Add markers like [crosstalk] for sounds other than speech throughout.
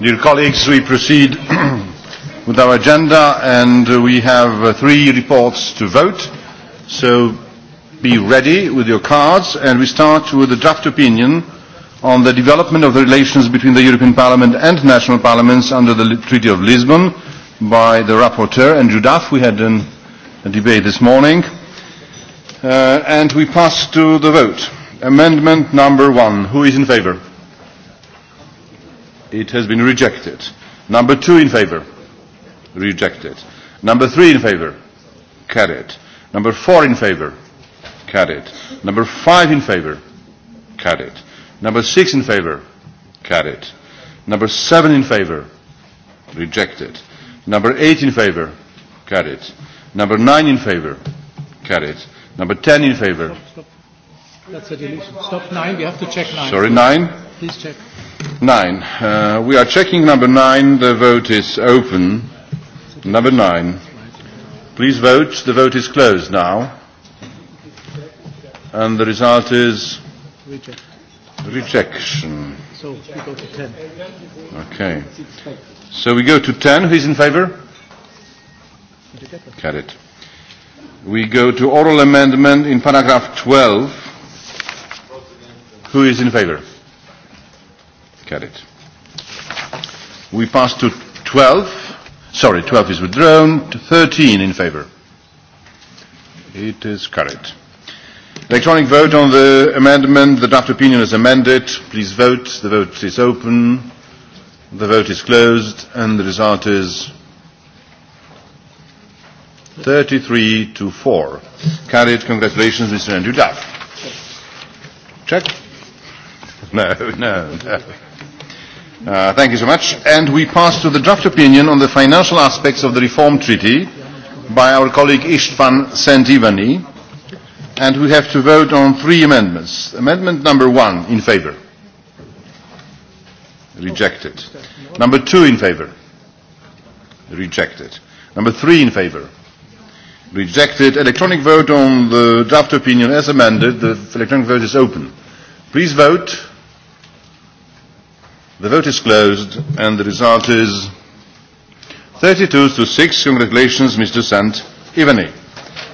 Dear colleagues, we proceed [clears throat] with our agenda and uh, we have uh, three reports to vote. So be ready with your cards and we start with the draft opinion on the development of the relations between the European Parliament and national parliaments under the Treaty of Lisbon by the rapporteur Andrew Duff. We had an, a debate this morning. Uh, and we pass to the vote. Amendment number one. Who is in favour? It has been rejected. Number two in favor. Rejected. Number three in favor. Carried. Number four in favor. Carried. Number five in favor. Carried. Number six in favor. Carried. Number seven in favor. Rejected. Number eight in favor. Carried. Number nine in favor. Carried. Number ten in favor. Stop, stop. That's a deletion. Stop nine. We have to check nine. Sorry, nine. Please check. Nine. Uh, we are checking number nine. The vote is open. Number nine. Please vote. The vote is closed now. And the result is Reject. rejection. So we go to 10. Okay. So we go to 10. Who's in favor? Carried. We go to oral amendment in paragraph 12. Who is in favor? Carried. We pass to 12. Sorry, 12 is withdrawn. 13 in favor. It is carried. Electronic vote on the amendment. The draft opinion is amended. Please vote. The vote is open. The vote is closed, and the result is 33 to 4. Carried. Congratulations, Mr. Andrew Duff. Check. [laughs] no, no, no. Uh, thank you so much. And we pass to the draft opinion on the financial aspects of the Reform Treaty by our colleague Istvan Sentivani. And we have to vote on three amendments. Amendment number one, in favour. Rejected. Number two, in favour. Rejected. Number three, in favour. Rejected. Electronic vote on the draft opinion as amended. The electronic vote is open. Please vote. The vote is closed, and the result is 32 to 6. Congratulations, Mr. Sant Ivani.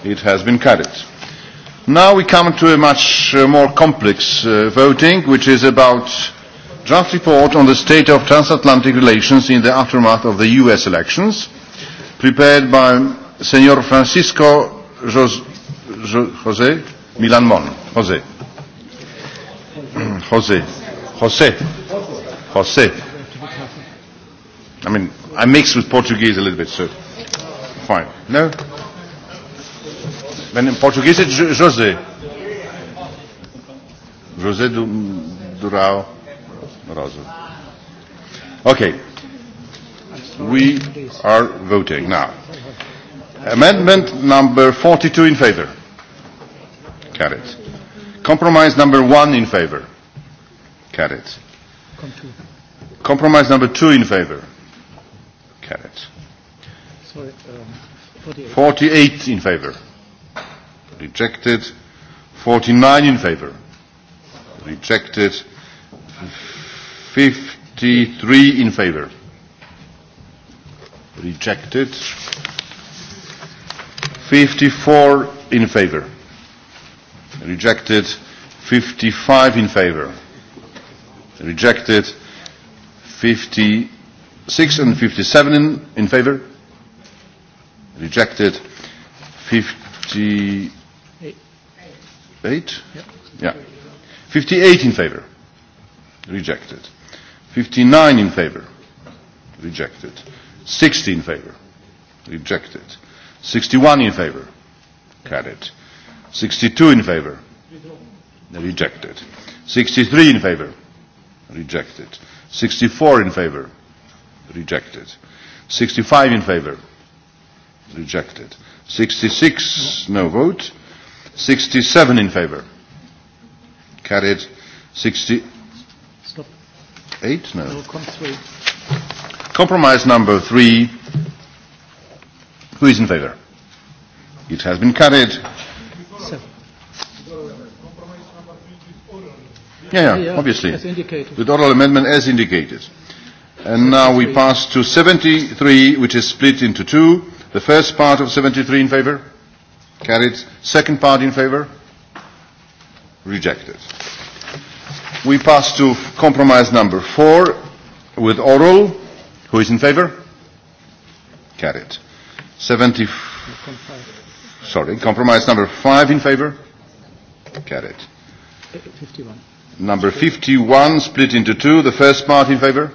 It has been carried. Now we come to a much uh, more complex uh, voting, which is about draft report on the state of transatlantic relations in the aftermath of the U.S. elections, prepared by Senor Francisco Jos Jose Milan Mon. Jose. [clears throat] Jose. Jose. Jose. José. I mean, I mix with Portuguese a little bit, so fine. No? Then in Portuguese it's José. José Durao Rosa. Okay. We are voting now. Amendment number 42 in favor. Carried. Compromise number one in favor. Carried. Welcome to. Compromise number two in favor. Carried. Sorry, um, 48. 48 in favor. Rejected. 49 in favor. Rejected. 53 in favor. Rejected. 54 in favor. Rejected. 55 in favor rejected 56 and 57 in, in favor rejected 58 yeah. yeah 58 in favor rejected 59 in favor rejected 60 in favor rejected 61 in favor carried 62 in favor rejected 63 in favor rejected. 64 in favor, rejected. 65 in favor, rejected. 66, no vote. 67 in favor, carried. 68, no. no three. Compromise number three. Who is in favor? It has been carried. Yeah, yeah, obviously. As indicated. With oral amendment as indicated. And now we pass to 73, which is split into two. The first part of 73 in favour? Carried. Second part in favour? Rejected. We pass to compromise number four with oral. Who is in favour? Carried. 70. Sorry, compromise number five in favour? Carried. 51. Number 51, split into two. The first part in favour?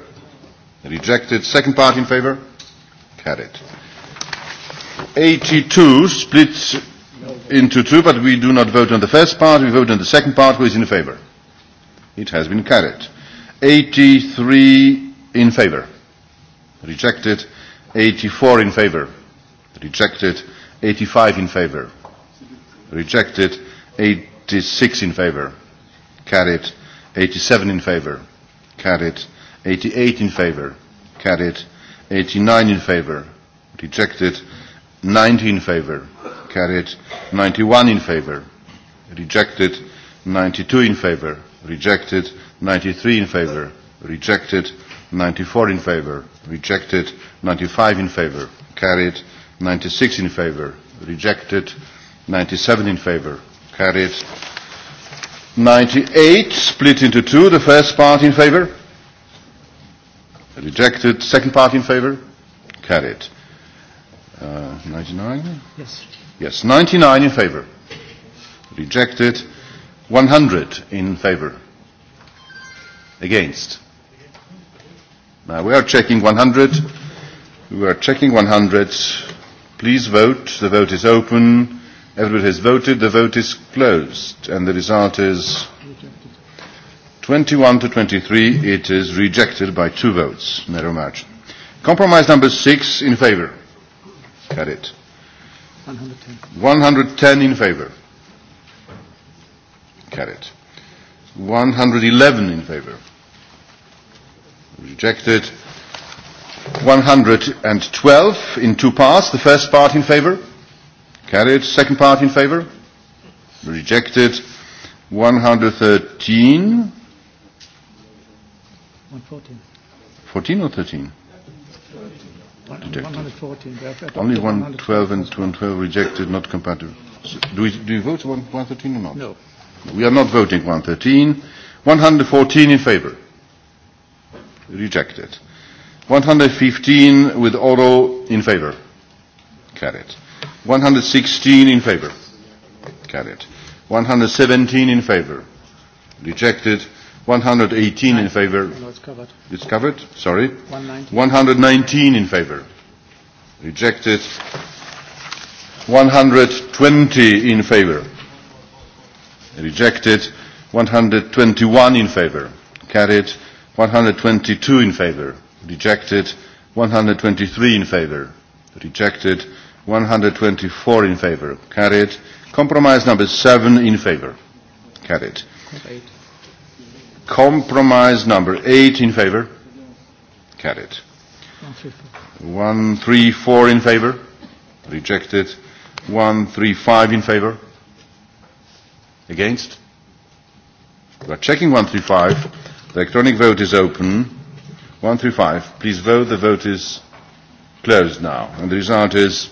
Rejected. Second part in favour? Carried. 82, split into two, but we do not vote on the first part. We vote on the second part. Who is in favour? It has been carried. 83 in favour. Rejected. 84 in favour. Rejected. 85 in favour. Rejected. 8 86 in favor. Carried. 87 in favor. Carried. 88 in favor. Carried. 89 in favor. Rejected. 90 in favor. Carried. 91 in favor. Rejected. 92 in favor. Rejected. 93 in favor. Rejected. 94 in favor. Rejected. 95 in favor. Carried. 96 in favor. Rejected. 97 in favor Carried. 98, split into two. The first part in favor? Rejected. Second part in favor? Carried. Uh, 99? Yes. Yes, 99 in favor. Rejected. 100 in favor. Against. Now we are checking 100. We are checking 100. Please vote. The vote is open. Everybody has voted. The vote is closed. And the result is 21 to 23. It is rejected by two votes, narrow margin. Compromise number six in favor. Carried. 110. 110 in favor. Carried. 111 in favor. Rejected. 112 in two parts. The first part in favor Carried. Second part in favor? Rejected. 113. 114. 14 or 13? Rejected. 114. Only 112 and 212 rejected, not compatible. So do, we, do you vote 113 or not? No. We are not voting 113. 114 in favor. Rejected. 115 with oral in favor. Carried. 116 in favor. Carried. 117 in favor. Rejected. 118 Nine. in favor. No, it's covered. It's covered? Sorry. 119, 119 in favor. Rejected. 120 in favor. Rejected. 121 in favor. Carried. 122 in favor. Rejected. 123 in favor. Rejected. 124 in favor. Carried. Compromise number 7 in favor. Carried. Compromise number 8 in favor. Carried. 134 in favor. Rejected. 135 in favor. Against? We are checking 135. The electronic vote is open. 135. Please vote. The vote is closed now. And the result is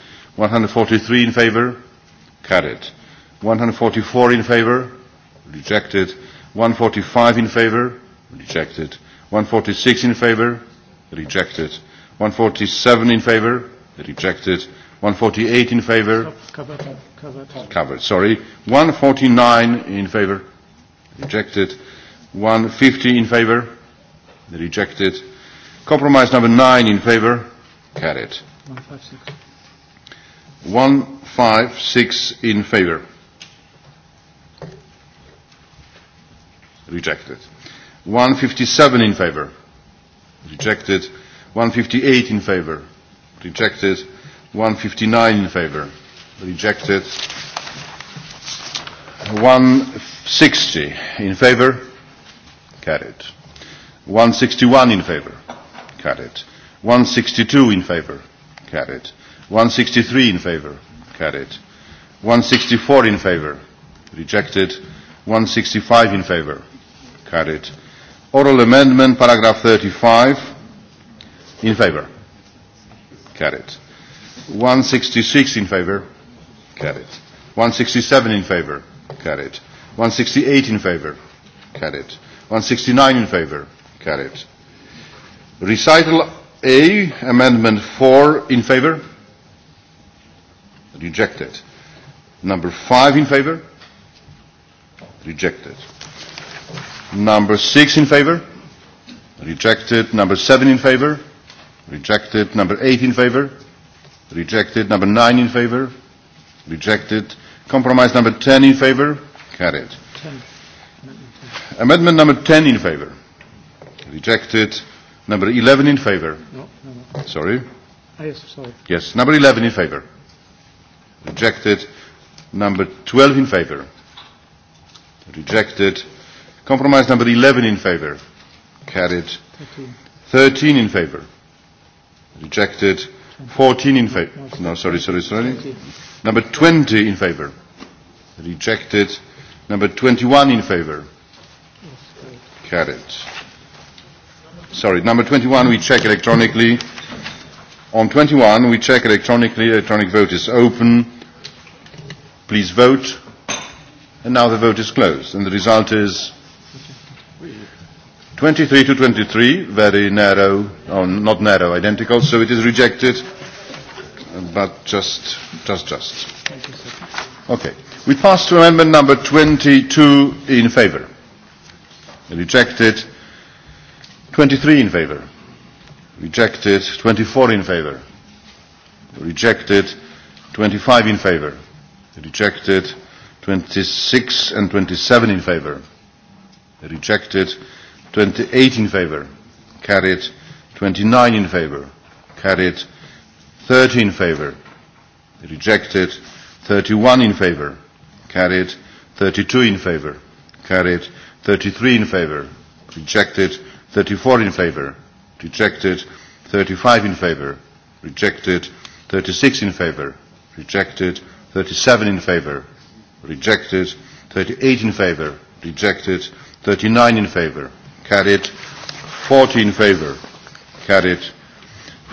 143 in favor, carried. 144 in favor, rejected. 145 in favor, rejected. 146 in favor, rejected. 147 in favor, rejected. 148 in favor. Covered. Covered. Covered. Sorry. 149 in favor. Rejected. 150 in favor. Rejected. Compromise number 9 in favor. Carried. 156. 156 in favor. Rejected. 157 in favor. Rejected. 158 in favor. Rejected. 159 in favor. Rejected. 160 in favor. Carried. 161 in favor. Carried. 162 in favor. Carried. 163 in favor, carried. 164 in favor, rejected. 165 in favor, carried. Oral amendment, paragraph 35, in favor, carried. 166 in favor, carried. 167 in favor, carried. 168 in favor, carried. 169 in favor, carried. Recital A, amendment 4 in favor, rejected. Number five in favor? Rejected. Number six in favor? Rejected. Number seven in favor? Rejected. Number eight in favor? Rejected. Number nine in favor? Rejected. Compromise number 10 in favor? Carried. 10. Amendment number 10 in favor? Rejected. Number 11 in favor? No, no, no. Sorry? Ah, yes, sorry. Yes, number 11 in favor? rejected. Number 12 in favor. Rejected. Compromise number 11 in favor. Carried. 13, 13 in favor. Rejected. 14 in favor. No, sorry, sorry, sorry. 20. Number 20 in favor. Rejected. Number 21 in favor. Carried. Sorry, number 21 we check electronically. On 21, we check electronically. Electronic vote is open. Please vote. And now the vote is closed. And the result is 23 to 23, very narrow, or not narrow, identical. So it is rejected, but just, just, just. Okay. We pass to amendment number 22 in favour. Rejected. 23 in favour rejected 24 in favor rejected 25 in favor rejected 26 and 27 in favor rejected 28 in favor carried 29 in favor carried 30 in favor rejected 31 in favor carried 32 in favor carried 33 in favor rejected 34 in favor rejected. 35 in favor, rejected. 36 in favor, rejected. 37 in favor, rejected. 38 in favor, rejected. 39 in favor, carried. 40 in favor, carried.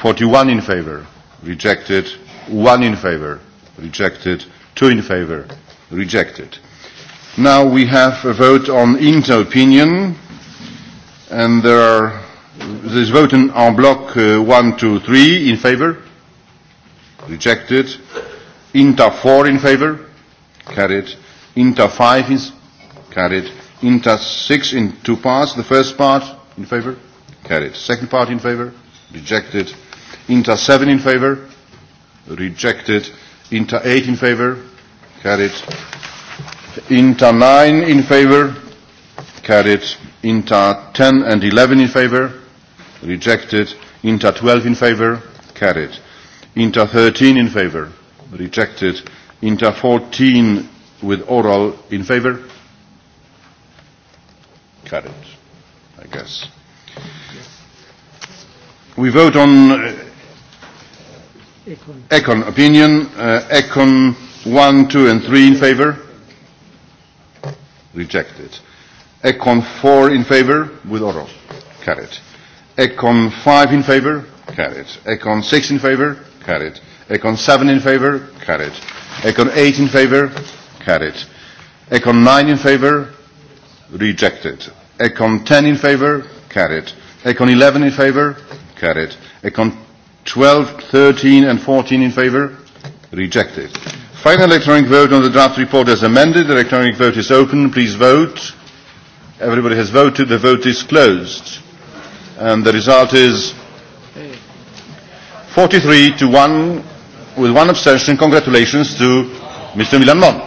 41 in favor, rejected. 1 in favor, rejected. 2 in favor, rejected. Now we have a vote on INTA opinion, and there are There's voting en bloc uh, 1, 2, 3 in favor. Rejected. Inter 4 in favor. Carried. Inter 5 is carried. Inter 6 in two parts. The first part in favor. Carried. Second part in favor. Rejected. Inter 7 in favor. Rejected. Inter 8 in favor. Carried. Inter 9 in favor. Carried. Inter 10 and 11 in favor rejected. Inter 12 in favor, carried. Inter 13 in favor, rejected. Inter 14 with oral in favor, carried, I guess. We vote on uh, Econ. Econ opinion. Uh, Econ 1, 2 and 3 in favor, rejected. Econ 4 in favor with oral, carried. Econ 5 in favor? Carried. Econ 6 in favor? Carried. Econ 7 in favor? Carried. Econ 8 in favor? Carried. Econ 9 in favor? Rejected. Econ 10 in favor? Carried. Econ 11 in favor? Carried. Econ 12, 13 and 14 in favor? Rejected. Final electronic vote on the draft report as amended. The electronic vote is open. Please vote. Everybody has voted. The vote is closed and the result is 43 to 1 with one abstention. Congratulations to Mr. Milan Mon.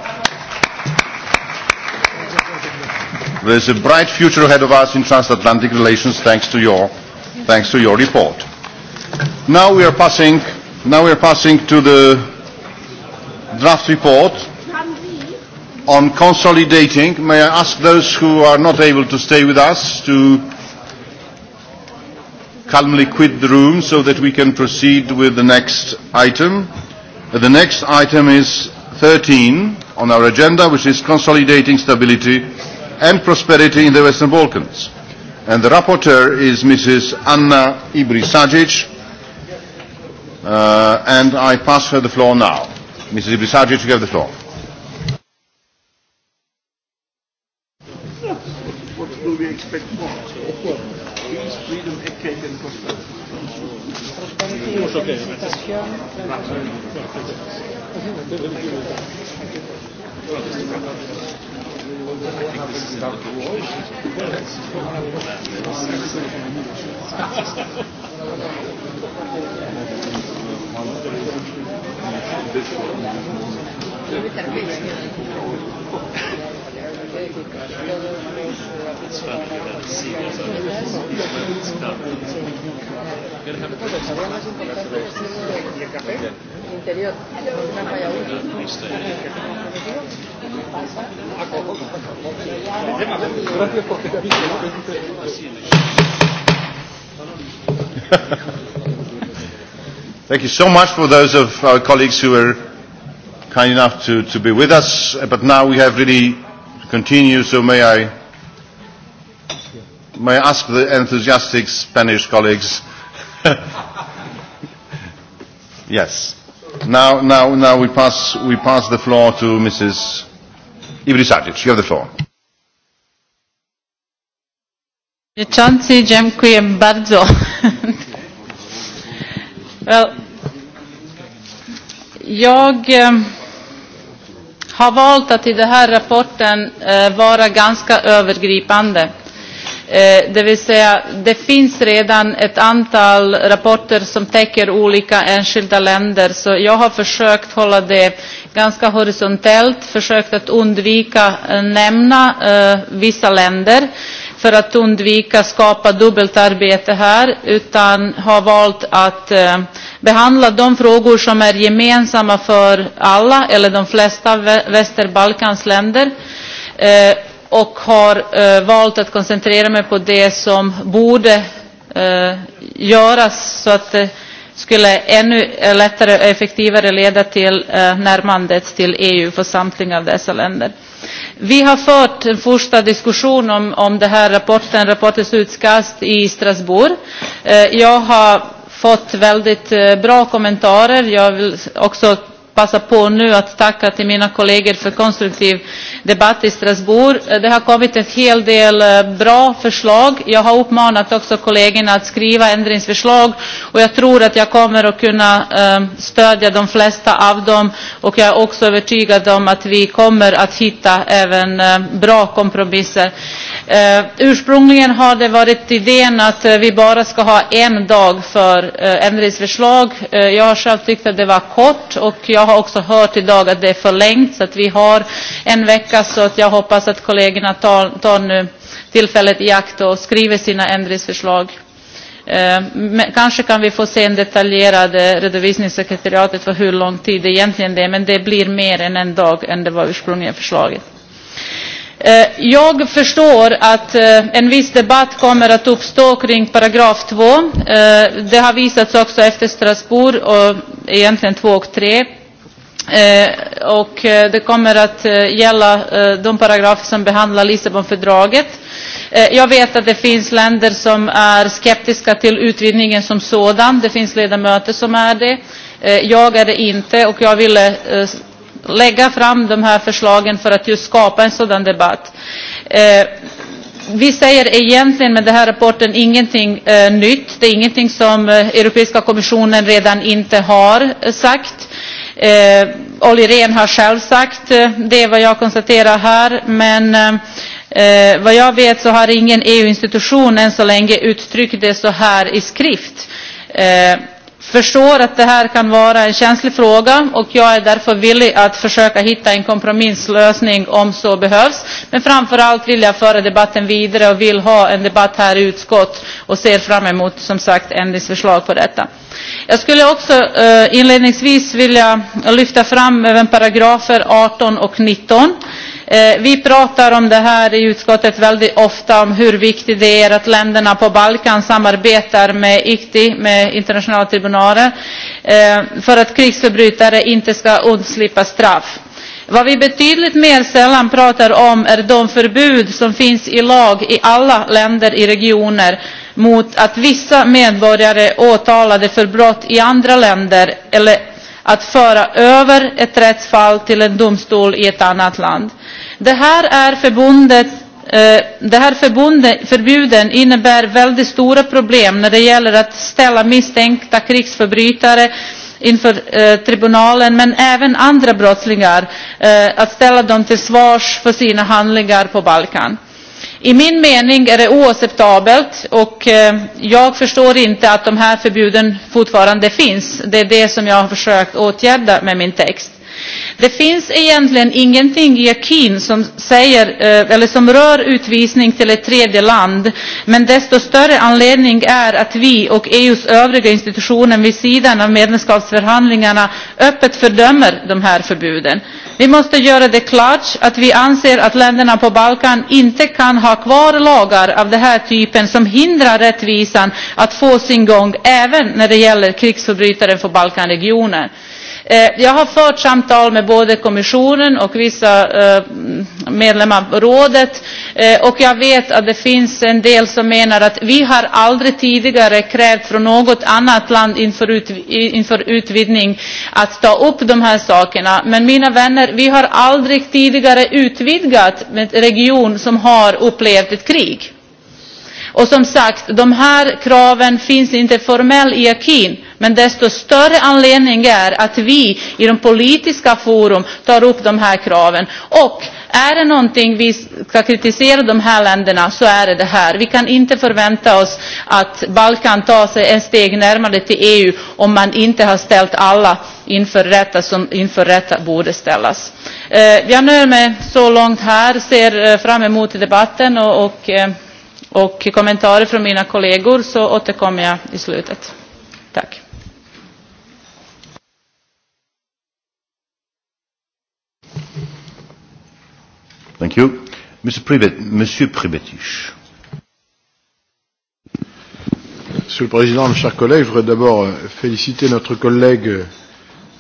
There's a bright future ahead of us in transatlantic relations thanks to your, thanks to your report. Now we are passing, now we are passing to the draft report on consolidating. May I ask those who are not able to stay with us to calmly quit the room so that we can proceed with the next item. The next item is 13 on our agenda, which is consolidating stability and prosperity in the Western Balkans. And the rapporteur is Mrs. Anna Ibrisagic, uh, and I pass her the floor now. Mrs. Ibrisagic, you have the floor. What do we expect more? partecipación. Thank you. It's funny that it's sequels of relevant stuff. You're gonna have a interior. Una falla útil. Gracias porque te aviso. Thank you so much for those of our colleagues who were kind enough to, to be with us. But now we have really continue, so may I, may I ask the enthusiastic Spanish colleagues. [laughs] yes. Now, now, now we pass, we pass the floor to Mrs. Ibrisadzic. You have the floor. Przewodniczący, dziękuję bardzo. [laughs] well, jag... Eh, har valt att i den här rapporten eh, vara ganska övergripande. Eh, det vill säga, det finns redan ett antal rapporter som täcker olika enskilda länder, så jag har försökt hålla det ganska horisontellt, försökt att undvika eh, nämna eh, vissa länder för att undvika skapa dubbelt arbete här utan har valt att eh, behandla de frågor som är gemensamma för alla eller de flesta vä Västerbalkans länder eh, och har eh, valt att koncentrera mig på det som borde eh, göras så att eh, skulle ännu eh, lättare och effektivare leda till eh, närmandet till EU för samtliga av dessa länder. Vi har fört en första diskussion om, om den här rapporten, rapportens utkast i Strasbourg. Eh, jag har fått väldigt bra kommentarer. Jag vill också passa på nu att tacka till mina kollegor för konstruktiv debatt i Strasbourg. Det har kommit en hel del eh, bra förslag. Jag har uppmanat också kollegorna att skriva ändringsförslag och jag tror att jag kommer att kunna eh, stödja de flesta av dem och jag är också övertygad om att vi kommer att hitta även eh, bra kompromisser. Eh, ursprungligen har det varit idén att eh, vi bara ska ha en dag för eh, ändringsförslag. Eh, jag har själv tyckt att det var kort och jag har också hört idag att det är förlängt så att vi har en vecka så att jag hoppas att kollegorna tar, tar nu tillfället i akt och skriver sina ändringsförslag. Eh, kanske kan vi få se en detaljerad eh, redovisningssekretariatet för hur lång tid det egentligen är, men det blir mer än en dag än det var ursprungligen förslaget. Eh, jag förstår att eh, en viss debatt kommer att uppstå kring paragraf 2. Eh, det har visats också efter Strasbourg, och egentligen 2 och 3. Och det kommer att gälla de paragrafer som behandlar Lissabonfördraget. Jag vet att det finns länder som är skeptiska till utvidgningen som sådan. Det finns ledamöter som är det. Jag är det inte, och jag ville lägga fram de här förslagen för att just skapa en sådan debatt. Eh, vi säger egentligen med den här rapporten ingenting eh, nytt. Det är ingenting som eh, Europeiska kommissionen redan inte har eh, sagt. Eh, Olli Rehn har själv sagt eh, det är vad jag konstaterar här, men eh, Eh, vad jag vet så har ingen EU-institution än så länge uttryckt det så här i skrift. Eh, förstår att det här kan vara en känslig fråga och jag är därför villig att försöka hitta en kompromisslösning om så behövs. Men framför allt vill jag föra debatten vidare och vill ha en debatt här i utskott och ser fram emot som sagt ändringsförslag på detta. Jag skulle också eh, inledningsvis vilja lyfta fram även paragrafer 18 och 19. Eh, vi pratar om det här i utskottet väldigt ofta, om hur viktigt det är att länderna på Balkan samarbetar med ICTY, med internationella tribunaler, eh, för att krigsförbrytare inte ska undslippa straff. Vad vi betydligt mer sällan pratar om är de förbud som finns i lag i alla länder i regioner mot att vissa medborgare åtalade för brott i andra länder eller att föra över ett rättsfall till en domstol i ett annat land. Det här är förbundet eh, det här förbuden innebär väldigt stora problem när det gäller att ställa misstänkta krigsförbrytare inför eh, tribunalen men även andra brottslingar eh, att ställa dem till svars för sina handlingar på Balkan. I min mening är det oacceptabelt och eh, jag förstår inte att de här förbuden fortfarande finns. Det är det som jag har försökt åtgärda med min text. Det finns egentligen ingenting i akin som, säger, eh, eller som rör utvisning till ett tredje land, men desto större anledning är att vi och EUs övriga institutioner vid sidan av medlemskapsförhandlingarna öppet fördömer de här förbuden. Vi måste göra det klart att vi anser att länderna på Balkan inte kan ha kvar lagar av den här typen som hindrar rättvisan att få sin gång även när det gäller krigsförbrytare från Balkanregionen. Eh, jag har fört samtal med både kommissionen och vissa eh, medlemmar av rådet eh, och jag vet att det finns en del som menar att vi har aldrig tidigare krävt från något annat land inför utvidgning att ta upp de här sakerna. Men mina vänner, vi har aldrig tidigare utvidgat en region som har upplevt ett krig. Och som sagt, de här kraven finns inte formellt i akin. Men desto större anledning är att vi i de politiska forum tar upp de här kraven. Och är det någonting vi ska kritisera de här länderna så är det det här. Vi kan inte förvänta oss att Balkan tar sig ett steg närmare till EU om man inte har ställt alla inför rätta som inför rätta borde ställas. Eh, jag nöjer mig så långt här, ser eh, fram emot debatten och, och, eh, och kommentarer från mina kollegor så återkommer jag i slutet. Tack. Thank you. Mr. Privet, Monsieur Privetich. Monsieur le Président, mes chers collègues, je voudrais d'abord euh, féliciter notre collègue euh,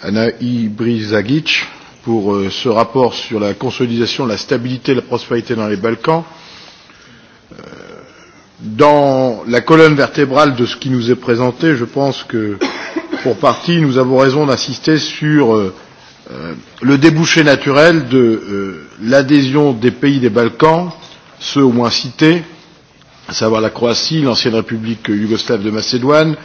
Anaï Brizagic pour euh, ce rapport sur la consolidation de la stabilité et de la prospérité dans les Balkans. Dans la colonne vertébrale de ce qui nous est présenté, je pense que pour partie, nous avons raison d'insister sur Euh, le débouché naturel de euh, l'adhésion des pays des Balkans, ceux au moins cités, à savoir la Croatie, l'ancienne République yougoslave de Macédoine,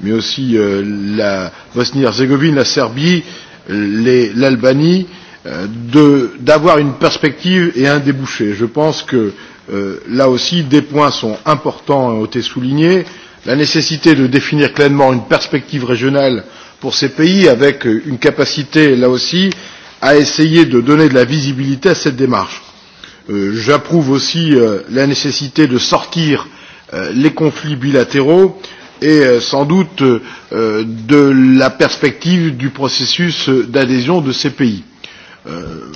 mais aussi euh, la Bosnie-Herzégovine, la Serbie, l'Albanie, euh, d'avoir une perspective et un débouché. Je pense que euh, là aussi, des points sont importants et ont été soulignés. La nécessité de définir clairement une perspective régionale euh, pour ces pays avec une capacité, là aussi, à essayer de donner de la visibilité à cette démarche. Euh, J'approuve aussi euh, la nécessité de sortir euh, les conflits bilatéraux et euh, sans doute euh, de la perspective du processus d'adhésion de ces pays. Euh,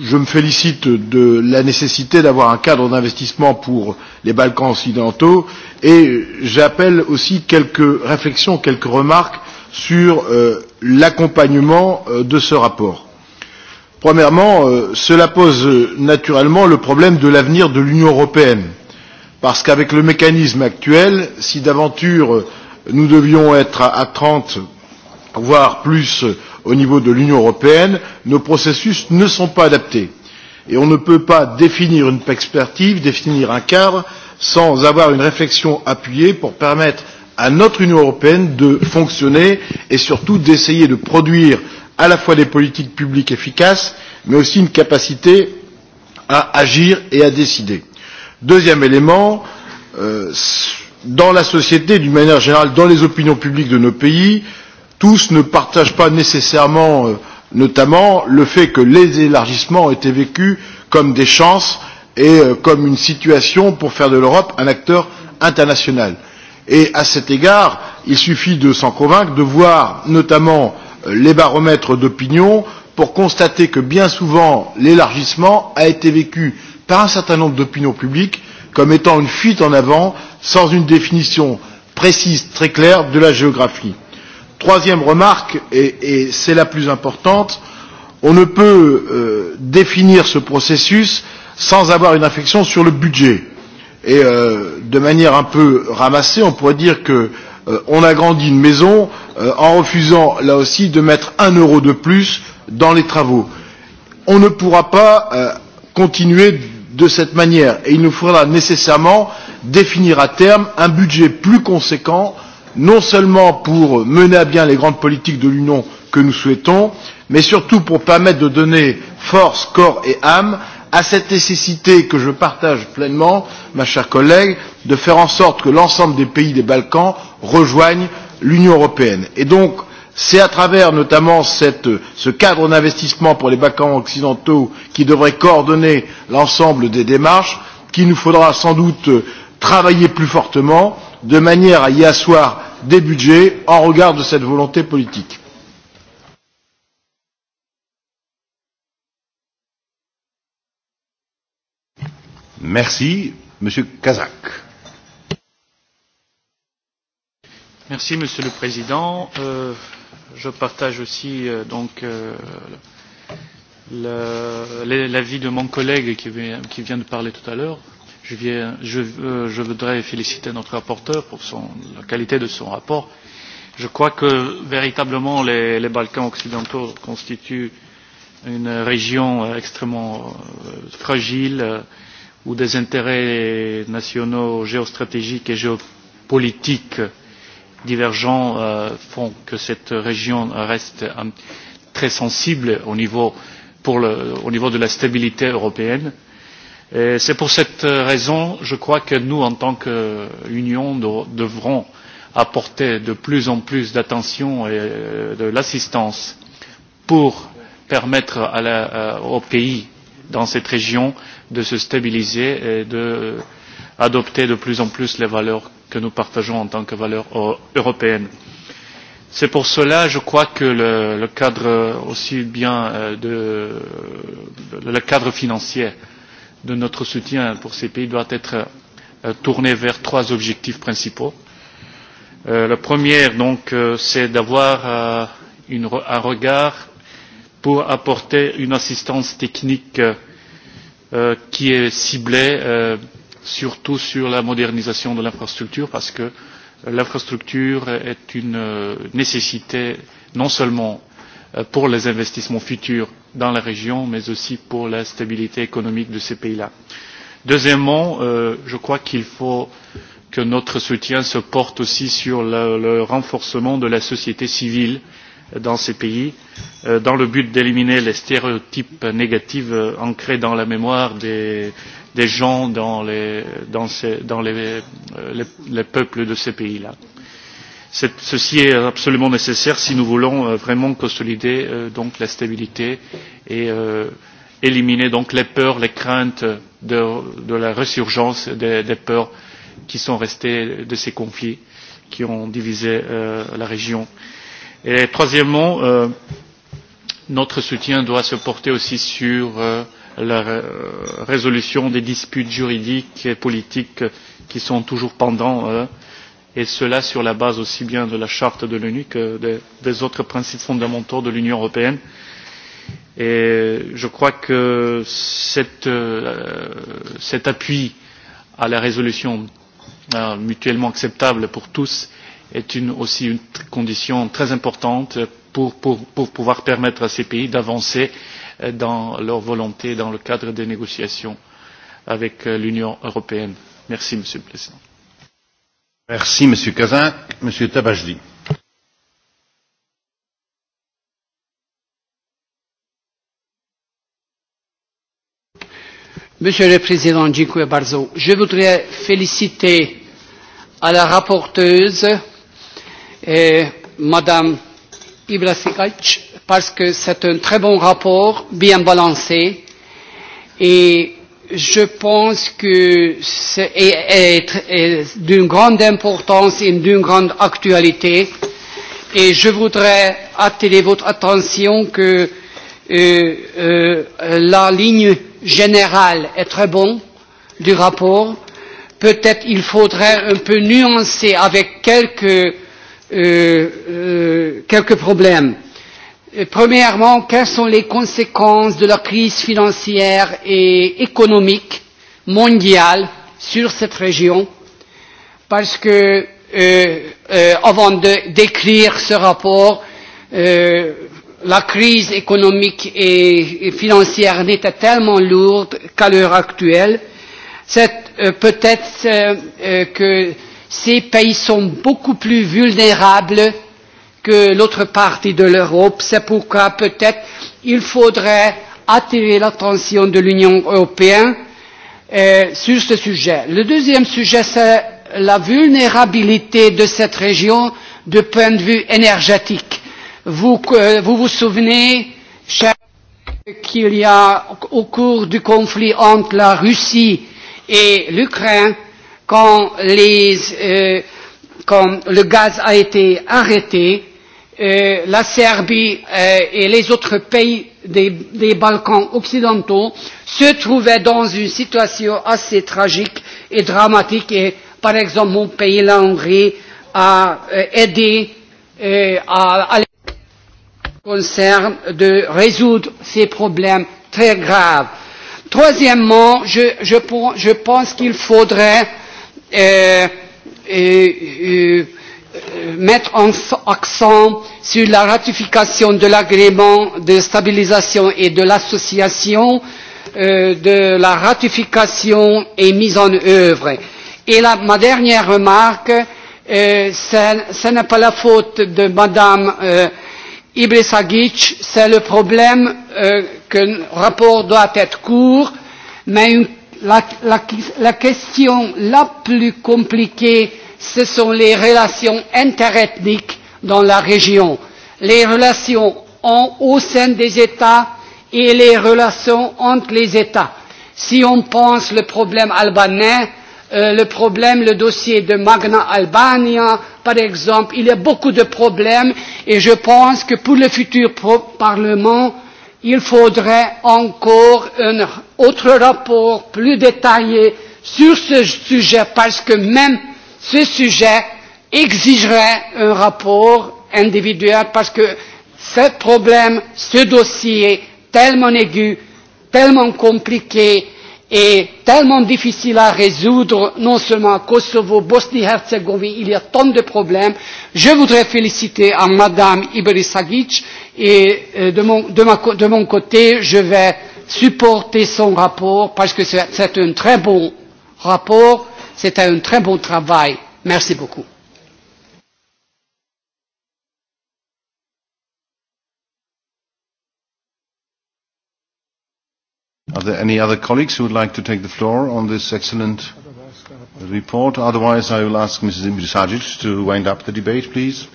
je me félicite de la nécessité d'avoir un cadre d'investissement pour les Balkans occidentaux et j'appelle aussi quelques réflexions, quelques remarques sur euh, l'accompagnement euh, de ce rapport. Premièrement, euh, cela pose euh, naturellement le problème de l'avenir de l'Union européenne, parce qu'avec le mécanisme actuel, si d'aventure euh, nous devions être à, à 30, voire plus euh, au niveau de l'Union européenne, nos processus ne sont pas adaptés. Et on ne peut pas définir une perspective, définir un cadre, sans avoir une réflexion appuyée pour permettre à notre Union européenne de fonctionner et surtout d'essayer de produire à la fois des politiques publiques efficaces, mais aussi une capacité à agir et à décider. Deuxième élément, euh, dans la société, d'une manière générale, dans les opinions publiques de nos pays, tous ne partagent pas nécessairement, euh, notamment, le fait que les élargissements ont été vécus comme des chances et euh, comme une situation pour faire de l'Europe un acteur international. Euh, Et à cet égard, il suffit de s'en convaincre, de voir notamment euh, les baromètres d'opinion pour constater que bien souvent l'élargissement a été vécu par un certain nombre d'opinions publiques comme étant une fuite en avant sans une définition précise, très claire de la géographie. Troisième remarque, et, et c'est la plus importante, on ne peut euh, définir ce processus sans avoir une réflexion sur le budget. Et euh, de manière un peu ramassée, on pourrait dire que euh, on agrandit une maison euh, en refusant là aussi de mettre un euro de plus dans les travaux. On ne pourra pas euh, continuer de cette manière et il nous faudra nécessairement définir à terme un budget plus conséquent, non seulement pour mener à bien les grandes politiques de l'Union que nous souhaitons, mais surtout pour permettre de donner force, corps et âme à cette nécessité que je partage pleinement, ma chère collègue, de faire en sorte que l'ensemble des pays des Balkans rejoignent l'Union européenne. Et donc, c'est à travers notamment cette, ce cadre d'investissement pour les Balkans occidentaux qui devrait coordonner l'ensemble des démarches qu'il nous faudra sans doute travailler plus fortement de manière à y asseoir des budgets en regard de cette volonté politique. Merci, Monsieur Kazak. Merci, Monsieur le Président. Euh, je partage aussi euh, donc euh, l'avis de mon collègue qui, qui vient de parler tout à l'heure. Je, viens, je, euh, je voudrais féliciter notre rapporteur pour son, la qualité de son rapport. Je crois que véritablement les, les Balkans occidentaux constituent une région euh, extrêmement euh, fragile, euh, ou des intérêts nationaux géostratégiques et géopolitiques divergents euh, font que cette région reste euh, très sensible au niveau, pour le, au niveau de la stabilité européenne. C'est pour cette raison, je crois que nous, en tant qu'Union, devrons apporter de plus en plus d'attention et euh, de l'assistance pour permettre à la, euh, au pays dans cette région de se stabiliser et d'adopter de, euh, de plus en plus les valeurs que nous partageons en tant que valeurs euh, européennes. C'est pour cela, je crois que le, le cadre aussi bien euh, de, le cadre financier de notre soutien pour ces pays doit être tourné vers trois objectifs principaux. Euh, le premier, donc, euh, c'est d'avoir euh, une, un regard pour apporter une assistance technique euh, qui est ciblée euh, surtout sur la modernisation de l'infrastructure parce que l'infrastructure est une euh, nécessité non seulement euh, pour les investissements futurs dans la région mais aussi pour la stabilité économique de ces pays là. deuxièmement euh, je crois qu'il faut que notre soutien se porte aussi sur le, le renforcement de la société civile euh, dans ces pays euh, dans le but d'éliminer les stéréotypes négatifs euh, ancrés dans la mémoire des, des gens dans, les, dans, ces, dans les, euh, les, les peuples de ces pays là. Est, ceci est absolument nécessaire si nous voulons vraiment consolider donc la stabilité et euh, éliminer donc les peurs, les craintes de, de la résurgence des, des peurs qui sont restées de ces conflits qui ont divisé euh, la région. Euh, Et troisièmement, euh, notre soutien doit se porter aussi sur euh, la euh, résolution des disputes juridiques et politiques qui sont toujours pendants, euh, et cela sur la base aussi bien de la charte de l'ONU que de, des autres principes fondamentaux de l'Union européenne. Et je crois que cette, euh, cet appui à la résolution euh, mutuellement acceptable pour tous est une, aussi une condition très importante pour, pour, pour pouvoir permettre à ces pays d'avancer euh, dans leur volonté dans le cadre des négociations avec euh, l'Union européenne. Merci, Monsieur le Président. Merci, Monsieur Kazak. Monsieur Tabajdi. Monsieur le Président, dziękuję bardzo. Je voudrais féliciter à la rapporteuse euh, et Madame Ibrasic parce que c'est un très bon rapport, bien balancé, et je pense que c'est est, est, d'une grande importance et d'une grande actualité. Et je voudrais attirer votre attention que euh, euh, la ligne générale est très bonne du rapport. Peut-être il faudrait un peu nuancer avec quelques euh, euh, quelques problèmes. Et euh, premièrement, quelles sont les conséquences de la crise financière et économique mondiale sur cette région Parce que, euh, euh, avant de décrire ce rapport, euh, la crise économique et, et financière n'était tellement lourde qu'à l'heure actuelle. C'est euh, peut-être euh, euh, que euh, ces pays sont beaucoup plus vulnérables que l'autre partie de l'Europe. C'est pourquoi peut-être il faudrait attirer l'attention de l'Union européenne euh, sur ce sujet. Le deuxième sujet, c'est la vulnérabilité de cette région du point de vue énergétique. Vous euh, vous, vous souvenez, cher, qu'il y a au cours du conflit entre la Russie et l'Ukraine, quand, les, euh, quand le gaz a été arrêté, euh, la Serbie euh, et les autres pays des, des Balkans occidentaux se trouvaient dans une situation assez tragique et dramatique. Et, par exemple, mon pays, la Hongrie, a euh, aidé euh, à, à concerne de résoudre ces problèmes très graves. Troisièmement, je, je, je pense qu'il faudrait euh, Euh, euh, euh, mettre un accent sur la ratification de l'agrément de stabilisation et de l'association, euh, de la ratification et mise en œuvre. Et la, ma dernière remarque, euh, ce n'est pas la faute de Madame euh, Ibrisagic, c'est le problème euh, que le rapport doit être court, mais une la, la, la question la plus compliquée, ce sont les relations interethniques dans la région, les relations en, au sein des États et les relations entre les États. Si on pense le problème albanais, euh, le problème, le dossier de Magna Albania, par exemple, il y a beaucoup de problèmes et je pense que pour le futur Parlement, euh, il faudrait encore un autre rapport plus détaillé sur ce sujet parce que même ce sujet exigerait un rapport individuel parce que ce problème, ce dossier tellement aigu, tellement compliqué, est tellement difficile à résoudre, non seulement Kosovo, Bosnie-Herzégovine, il y a tant de problèmes. Je voudrais féliciter à Madame Iberisagic et euh, de mon, de, ma, de mon côté, je vais supporter son rapport parce que c'est un très bon rapport, c'est un très bon travail. Merci beaucoup. Are there any other colleagues who would like to take the floor on this excellent report? Otherwise, I will ask Mrs. Imbrisagic to wind up the debate, please.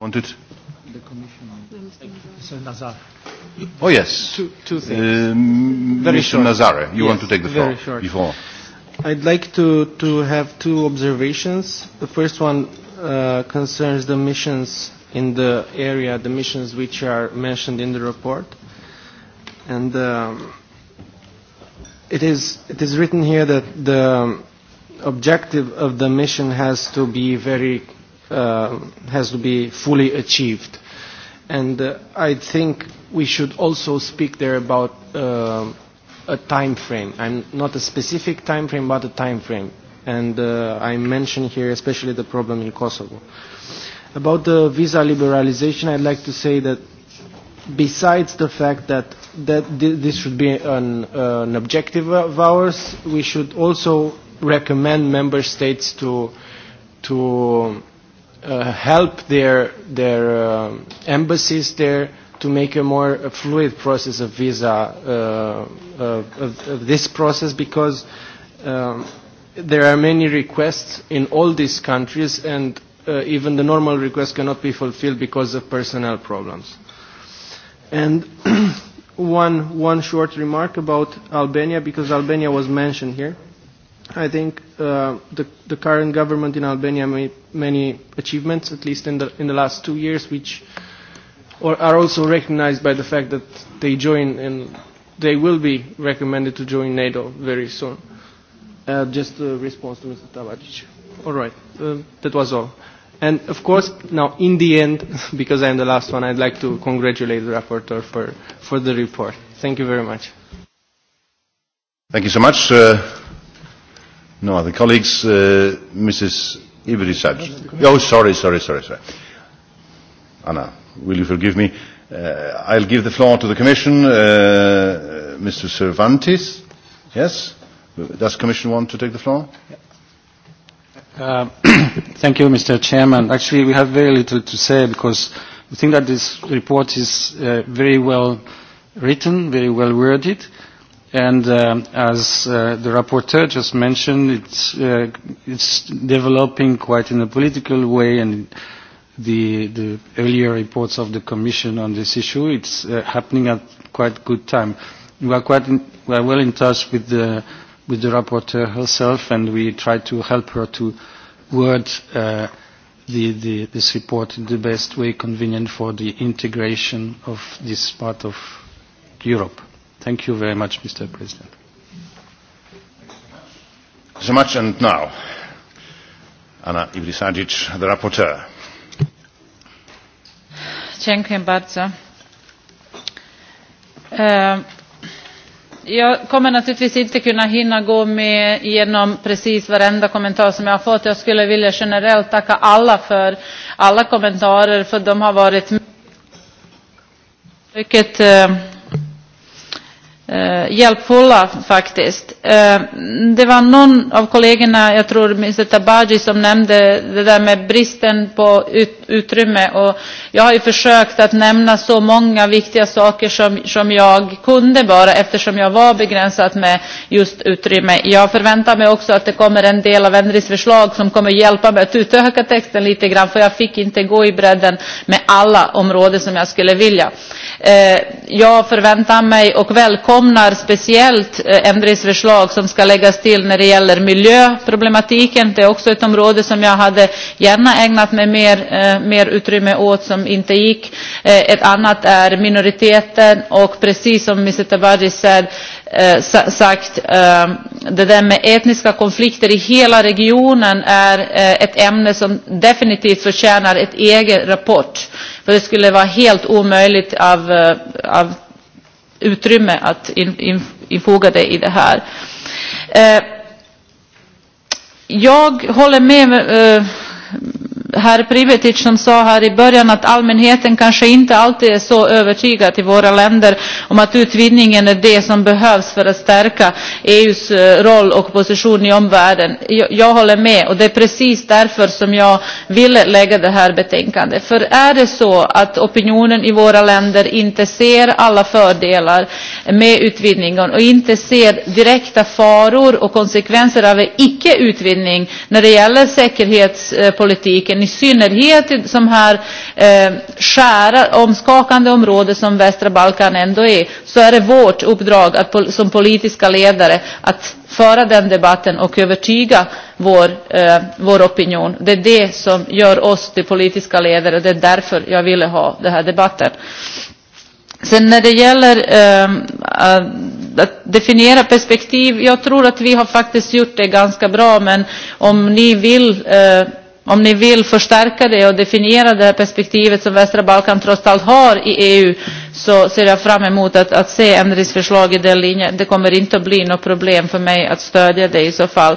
Wanted? The Commission. Nazar. Oh, yes. Two, two things. Um, very Mr. Short. Nazare, you yes, want to take the floor very short. before. I'd like to, to have two observations. The first one uh, concerns the missions in the area, the missions which are mentioned in the report. Uh, And um, it, is, it is written here that the objective of the mission has to be very, uh, has to be fully achieved. And uh, I think we should also speak there about uh, a time frame. I'm not a specific time frame, but a time frame. And uh, I mention here especially the problem in Kosovo. About the visa liberalization, I'd like to say that besides the fact that, that th this should be an, uh, an objective of ours, we should also recommend member states to, to uh, help their, their uh, embassies there to make a more fluid process of visa, uh, of, of this process, because um, there are many requests in all these countries, and uh, even the normal requests cannot be fulfilled because of personnel problems. And [clears throat] one, one short remark about Albania, because Albania was mentioned here. I think uh, the, the current government in Albania made many achievements, at least in the, in the last two years, which or are also recognized by the fact that they join and they will be recommended to join NATO very soon. Uh, just a response to Mr. Tavares. All right, uh, that was all. And of course, now in the end, [laughs] because I'm the last one, I'd like to congratulate the rapporteur for, for the report. Thank you very much. Thank you so much. Uh, no other colleagues. Uh, Mrs. Ibrissaj. Oh, sorry, sorry, sorry, sorry. Anna, will you forgive me? Uh, I'll give the floor to the Commission. Uh, Mr. Cervantes. Yes? Does Commission want to take the floor? Yeah. Uh, [clears throat] thank you, Mr. Chairman. Actually, we have very little to say because we think that this report is uh, very well written, very well worded, and um, as uh, the rapporteur just mentioned, it's, uh, it's developing quite in a political way, and the, the earlier reports of the Commission on this issue, it's uh, happening at quite good time. We are quite in, we are well in touch with the with the rapporteur herself, and we tried to help her to word uh, the, the, this report in the best way convenient for the integration of this part of Europe. Thank you very much, Mr. President. So much, and now, Anna Ibrisagic, the rapporteur. Dziękuję bardzo. E Jag kommer naturligtvis inte kunna hinna gå med igenom precis varenda kommentar som jag har fått. Jag skulle vilja generellt tacka alla för alla kommentarer, för de har varit mycket eh, eh, hjälpfulla faktiskt. Eh, det var någon av kollegorna, jag tror Mr Tabaji, som nämnde det där med bristen på ut, utrymme. Och jag har ju försökt att nämna så många viktiga saker som, som jag kunde bara eftersom jag var begränsad med just utrymme. Jag förväntar mig också att det kommer en del av Henrys förslag som kommer hjälpa mig att utöka texten lite grann för jag fick inte gå i bredden med alla områden som jag skulle vilja. Eh, Eh, jag förväntar mig och välkomnar speciellt ändringsförslag eh, som ska läggas till när det gäller miljöproblematiken. Det är också ett område som jag hade gärna ägnat mig mer, eh, mer utrymme åt som inte gick. Ett annat är minoriteten och precis som Mr. Tabajdi said, sagt, det där med etniska konflikter i hela regionen är ett ämne som definitivt förtjänar ett egen rapport. För det skulle vara helt omöjligt av, eh, av utrymme att in, in, infoga det i det här. Eh, jag håller med eh, herr Privetic som sa här i början att allmänheten kanske inte alltid är så övertygad i våra länder om att utvidgningen är det som behövs för att stärka EUs eh, roll och position i omvärlden. Jag, jag håller med och det är precis därför som jag ville lägga det här betänkandet. För är det så att opinionen i våra länder inte ser alla fördelar med utvidgningen och inte ser direkta faror och konsekvenser av icke-utvidgning när det gäller säkerhetspolitiken i synnerhet i de här eh, skära, omskakande områden som västra Balkan ändå är, så är det vårt uppdrag att, som politiska ledare att föra den debatten och övertyga vår, eh, vår opinion. Det är det som gör oss till politiska ledare. Det är därför jag ville ha den här debatten. Sen när det gäller ehm, eh, att definiera perspektiv, jag tror att vi har faktiskt gjort det ganska bra, men om ni vill eh, om ni vill förstärka det och definiera det här perspektivet som västra Balkan trots allt har i EU så ser jag fram emot att, att se ändringsförslag i den linjen. Det kommer inte att bli något problem för mig att stödja det i så fall.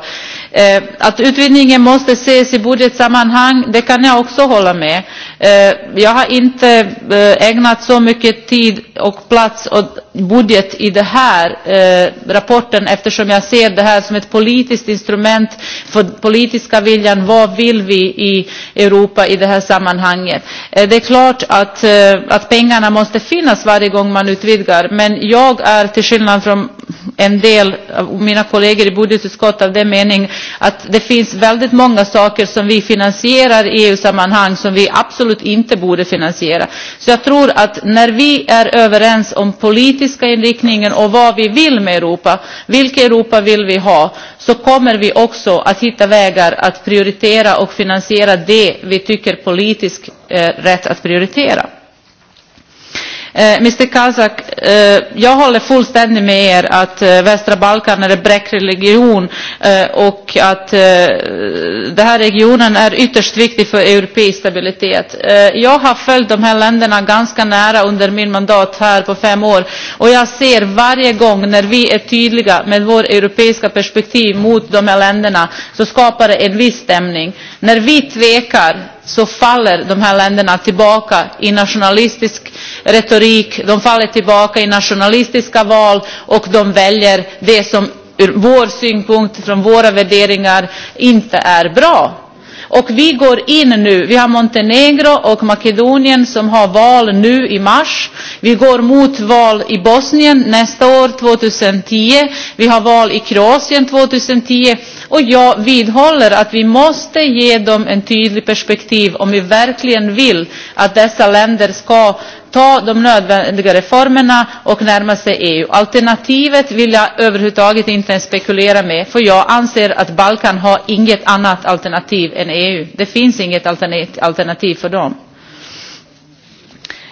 Eh, att utvidgningen måste ses i budgetsammanhang, det kan jag också hålla med. Eh, jag har inte eh, ägnat så mycket tid och plats åt budget i den här eh, rapporten eftersom jag ser det här som ett politiskt instrument för politiska viljan. Vad vill vi i Europa i det här sammanhanget? Eh, det är klart att, eh, att pengarna måste finnas missgynnas varje gång man utvidgar. Men jag är till skillnad från en del av mina kollegor i budgetutskottet av den mening att det finns väldigt många saker som vi finansierar i EU-sammanhang som vi absolut inte borde finansiera. Så jag tror att när vi är överens om politiska inriktningen och vad vi vill med Europa, vilket Europa vill vi ha, så kommer vi också att hitta vägar att prioritera och finansiera det vi tycker politiskt är eh, rätt att prioritera. Eh, Mr Kazak, eh, jag håller fullständigt med er att eh, västra Balkan är en bräckregion eh, och att eh, den här regionen är ytterst viktig för europeisk stabilitet. Eh, jag har följt de här länderna ganska nära under min mandat här på fem år och jag ser varje gång när vi är tydliga med vår europeiska perspektiv mot de här länderna så skapar det en viss stämning. När vi tvekar så faller de här länderna tillbaka i nationalistisk retorik, de faller tillbaka i nationalistiska val och de väljer det som ur vår synpunkt, från våra värderingar, inte är bra. Och vi går in nu, vi har Montenegro och Makedonien som har val nu i mars. Vi går mot val i Bosnien nästa år, 2010. Vi har val i Kroatien 2010. Och jag vidhåller att vi måste ge dem en tydlig perspektiv om vi verkligen vill att dessa länder ska ta de nödvändiga reformerna och närma sig EU. Alternativet vill jag överhuvudtaget inte ens spekulera med, för jag anser att Balkan har inget annat alternativ än EU. Det finns inget alternativ för dem.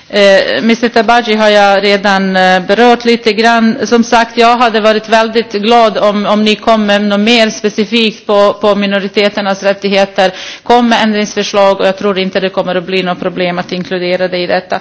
Eh, Mr Tabaji har jag redan eh, berört lite grann. Som sagt, jag hade varit väldigt glad om, om ni kom med något mer specifikt på, på minoriteternas rättigheter. Kom med ändringsförslag och jag tror inte det kommer att bli något problem att inkludera det i detta.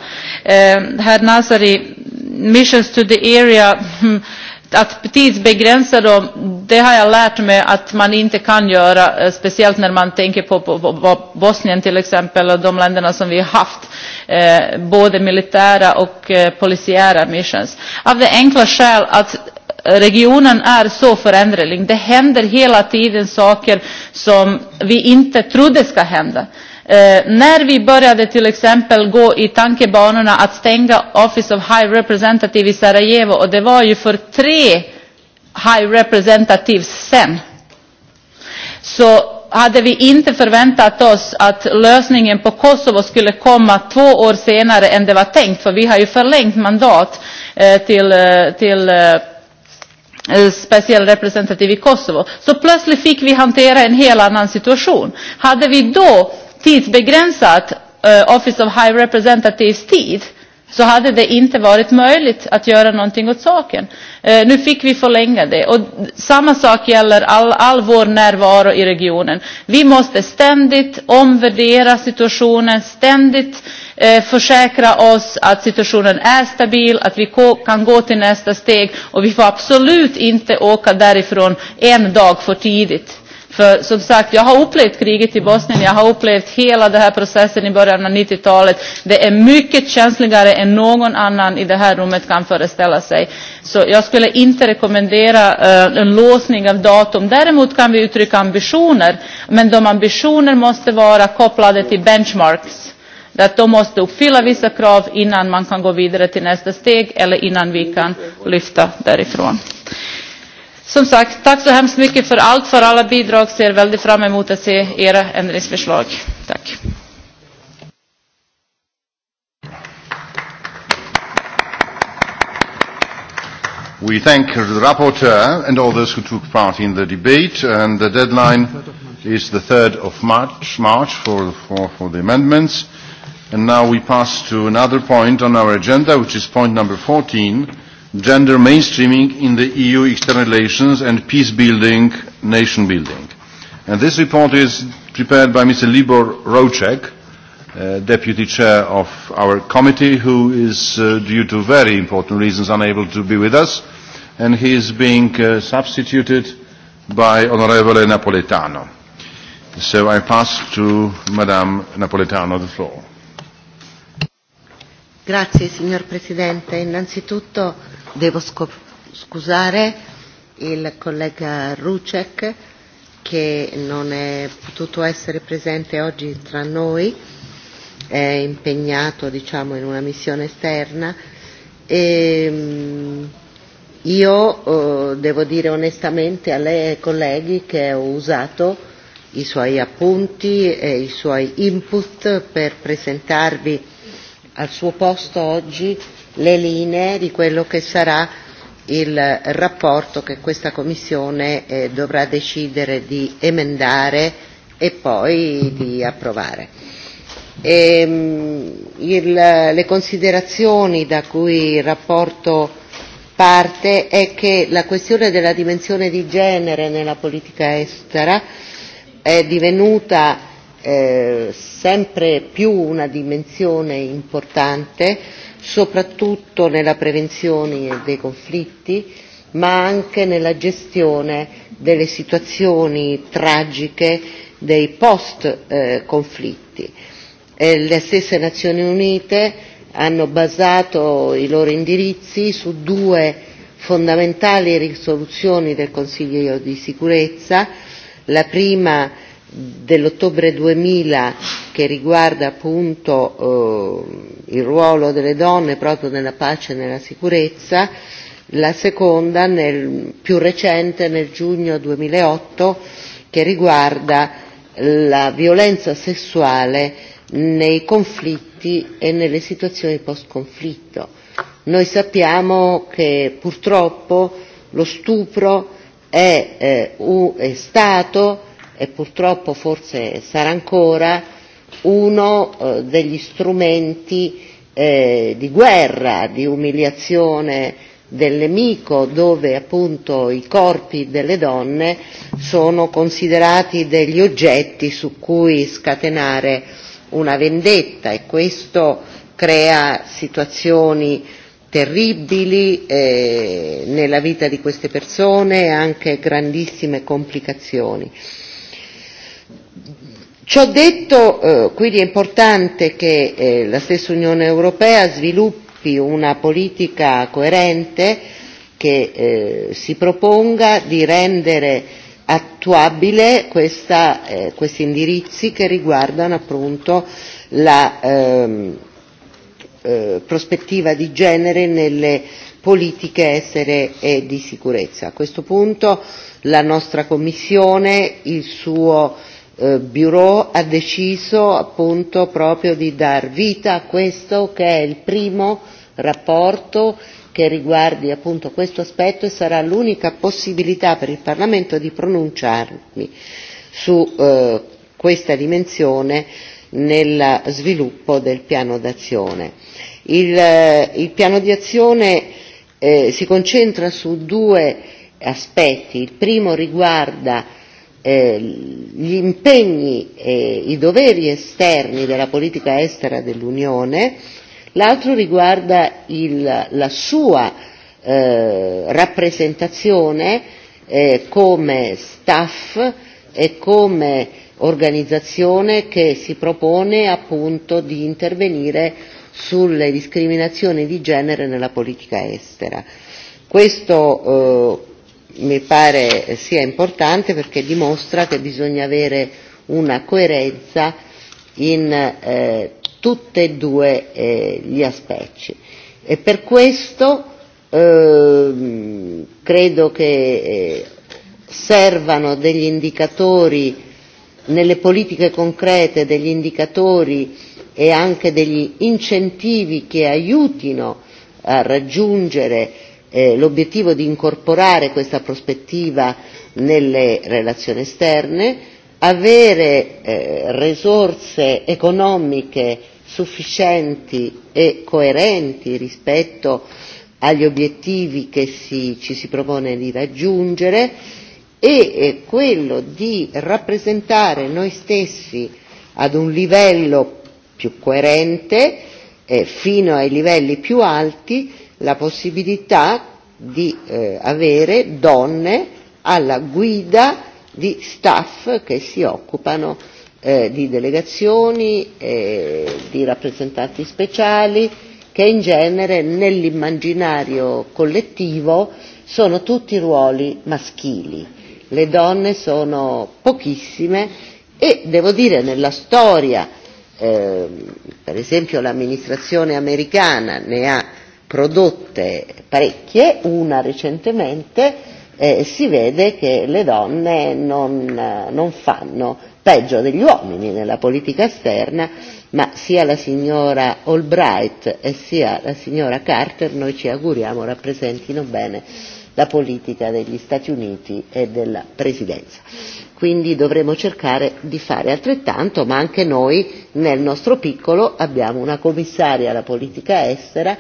Eh, Herr Nazari, missions to the area, [laughs] att tidsbegränsa dem, det har jag lärt mig att man inte kan göra, eh, speciellt när man tänker på, på, på Bosnien till exempel och de länderna som vi har haft, eh, både militära och eh, polisiära missions. Av det enkla skäl att regionen är så föränderlig. Det händer hela tiden saker som vi inte trodde ska hända. Eh, när vi började till exempel gå i tankebanorna att stänga Office of High Representative i Sarajevo och det var ju för tre High Representative sen. Så hade vi inte förväntat oss att lösningen på Kosovo skulle komma två år senare än det var tänkt, för vi har ju förlängt mandat eh, till, eh, till eh, eh speciell representativ i Kosovo. Så plötsligt fick vi hantera en helt annan situation. Hade vi då tidsbegränsat eh, Office of High Representatives tid så hade det inte varit möjligt att göra någonting åt saken. Eh, nu fick vi förlänga det. Och samma sak gäller all, all vår närvaro i regionen. Vi måste ständigt omvärdera situationen, ständigt eh, försäkra oss att situationen är stabil, att vi kan gå till nästa steg och vi får absolut inte åka därifrån en dag för tidigt. För som sagt, jag har upplevt kriget i Bosnien, jag har upplevt hela den här processen i början av 90-talet. Det är mycket känsligare än någon annan i det här rummet kan föreställa sig. Så jag skulle inte rekommendera eh, en låsning av datum. Däremot kan vi uttrycka ambitioner, men de ambitioner måste vara kopplade till benchmarks att de måste uppfylla vissa krav innan man kan gå vidare till nästa steg eller innan vi kan lyfta därifrån. Som sagt, tack så hemskt mycket för allt, för alla bidrag. Ser väldigt fram emot att se era ändringsförslag. Tack. We thank the rapporteur and all those who took part in the debate. And the deadline is the 3rd of March, March for, for, for the amendments. And now we pass to another point on our agenda, which is point number 14 gender mainstreaming in the EU external relations and peace building, nation building. And this report is prepared by Mr. Libor Rocek, uh, deputy chair of our committee, who is, uh, due to very important reasons, unable to be with us, and he is being uh, substituted by Honorevole Napoletano. So I pass to Madame Napoletano the floor. Grazie signor Presidente. Innanzitutto devo scusare il collega Rucek che non è potuto essere presente oggi tra noi, è impegnato diciamo, in una missione esterna. E, io eh, devo dire onestamente a lei e ai colleghi che ho usato i suoi appunti e i suoi input per presentarvi al suo posto oggi le linee di quello che sarà il rapporto che questa Commissione eh, dovrà decidere di emendare e poi di approvare. E, ehm, mh, il, le considerazioni da cui il rapporto parte è che la questione della dimensione di genere nella politica estera è divenuta eh, sempre più una dimensione importante soprattutto nella prevenzione dei conflitti, ma anche nella gestione delle situazioni tragiche dei post-conflitti. E le stesse Nazioni Unite hanno basato i loro indirizzi su due fondamentali risoluzioni del Consiglio di sicurezza, la prima dell'ottobre 2000 che riguarda appunto eh, il ruolo delle donne proprio nella pace e nella sicurezza, la seconda nel, più recente nel giugno 2008 e che riguarda la violenza sessuale nei conflitti e nelle situazioni post-conflitto. Noi sappiamo che purtroppo lo stupro è, eh, u, è stato e purtroppo forse sarà ancora uno eh, degli strumenti eh, di guerra, di umiliazione del nemico, dove appunto i corpi delle donne sono considerati degli oggetti su cui scatenare una vendetta e questo crea situazioni terribili eh, nella vita di queste persone e anche grandissime complicazioni. Eh, Ciò detto, eh, quindi è importante che eh, la stessa Unione Europea sviluppi una politica coerente che eh, si proponga di rendere attuabile questa, eh, questi indirizzi che riguardano appunto la ehm, eh, prospettiva di genere nelle politiche essere e di sicurezza. A questo punto la nostra Commissione, il suo eh, eh, Bureau ha deciso appunto proprio di dar vita a questo che è il primo rapporto che riguardi appunto questo aspetto e sarà l'unica possibilità per il Parlamento di pronunciarmi su eh, questa dimensione nel sviluppo del piano d'azione. Il, eh, il piano di azione eh, si concentra su due aspetti. Il primo riguarda eh, gli impegni e i doveri esterni della politica estera dell'Unione, l'altro riguarda il, la sua eh, rappresentazione eh, come staff e come organizzazione che si propone appunto di intervenire sulle discriminazioni di genere nella politica estera. Questo eh, mi pare sia importante perché dimostra che bisogna avere una coerenza in eh, tutti e due eh, gli aspetti. E per questo eh, credo che eh, servano degli indicatori nelle politiche concrete, degli indicatori e anche degli incentivi che aiutino a raggiungere eh, l'obiettivo di incorporare questa prospettiva nelle relazioni esterne, avere eh, risorse economiche sufficienti e coerenti rispetto agli obiettivi che si, ci si propone di raggiungere e eh, quello di rappresentare noi stessi ad un livello più coerente eh, fino ai livelli più alti la possibilità di eh, avere donne alla guida di staff che si occupano eh, di delegazioni, eh, di rappresentanti speciali, che in genere nell'immaginario collettivo sono tutti ruoli maschili. Le donne sono pochissime e devo dire nella storia, eh, per esempio l'amministrazione americana ne ha prodotte parecchie, una recentemente, eh, si vede che le donne non, non fanno peggio degli uomini nella politica esterna, ma sia la signora Albright e sia la signora Carter noi ci auguriamo rappresentino bene la politica degli Stati Uniti e della Presidenza. Quindi dovremo cercare di fare altrettanto, ma anche noi nel nostro piccolo abbiamo una commissaria alla politica estera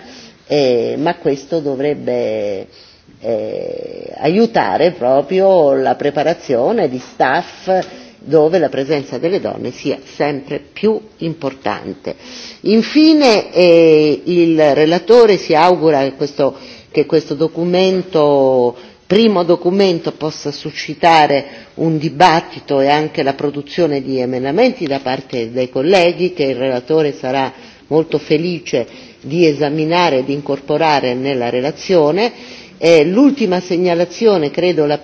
eh, ma questo dovrebbe eh, aiutare proprio la preparazione di staff dove la presenza delle donne sia sempre più importante. Infine eh, il relatore si augura che questo, che questo documento, primo documento possa suscitare un dibattito e anche la produzione di emendamenti da parte dei colleghi, che il relatore sarà molto felice di esaminare e di incorporare nella relazione. Eh, l'ultima segnalazione, credo la,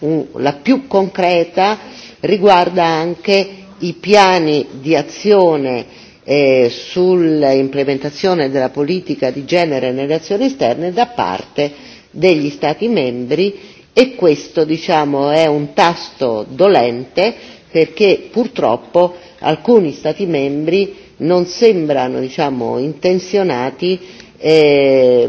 uh, la più concreta, riguarda anche i piani di azione eh, sull'implementazione della politica di genere nelle azioni esterne da parte degli Stati membri e questo diciamo, è un tasto dolente perché purtroppo alcuni Stati membri non sembrano diciamo, intenzionati eh,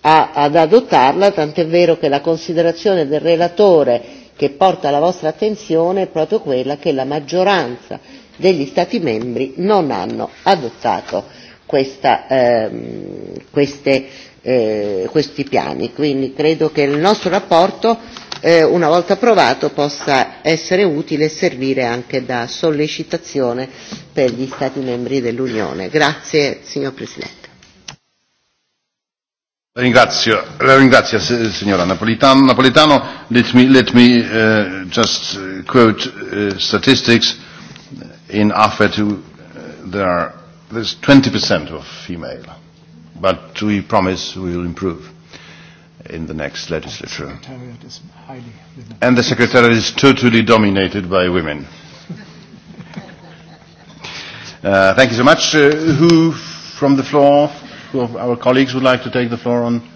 a, ad adottarla, tant'è vero che la considerazione del relatore che porta alla vostra attenzione è proprio quella che la maggioranza degli Stati membri non hanno adottato questa, ehm, queste eh, questi piani. Quindi credo che il nostro rapporto, eh, una volta approvato, possa essere utile e servire anche da sollecitazione per gli Stati membri dell'Unione. Grazie signor Presidente. Ringrazio, ringrazio signora Napolitan, Napolitano. Let me, let me uh, just eh, quote uh, statistics. In AFET, uh, there are, there's 20% of female but we promise we will improve in the next legislature. The highly... And the secretariat is totally dominated by women. uh, thank you so much. Uh, who from the floor, who of our colleagues would like to take the floor on,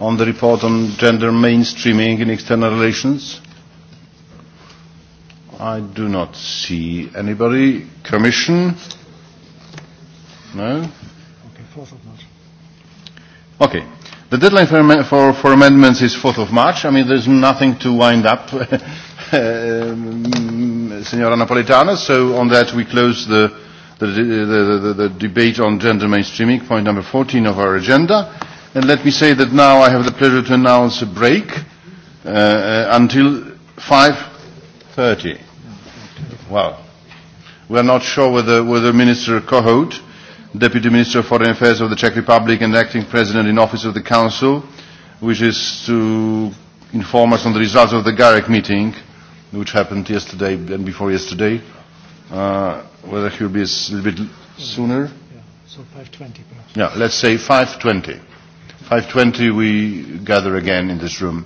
on the report on gender mainstreaming in external relations? I do not see anybody. Commission? No? Okay. The deadline for, for, for amendments is 4th of March. I mean, there's nothing to wind up, [laughs] um, Senora Napolitano. So on that, we close the, the, the, the, the debate on gender mainstreaming, point number 14 of our agenda. And let me say that now I have the pleasure to announce a break uh, uh until 5.30. Wow. Well, we're not sure whether, whether Minister Cohout Deputy Minister of Foreign Affairs of the Czech Republic and Acting President in Office of the Council, wishes to inform us on the results of the GAREC meeting, which happened yesterday and before yesterday. Uh, whether he'll be a little bit sooner. Yeah, so 5.20 perhaps. Yeah, let's say 5.20. 5.20 we gather again in this room.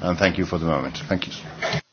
And thank you for the moment. Thank you.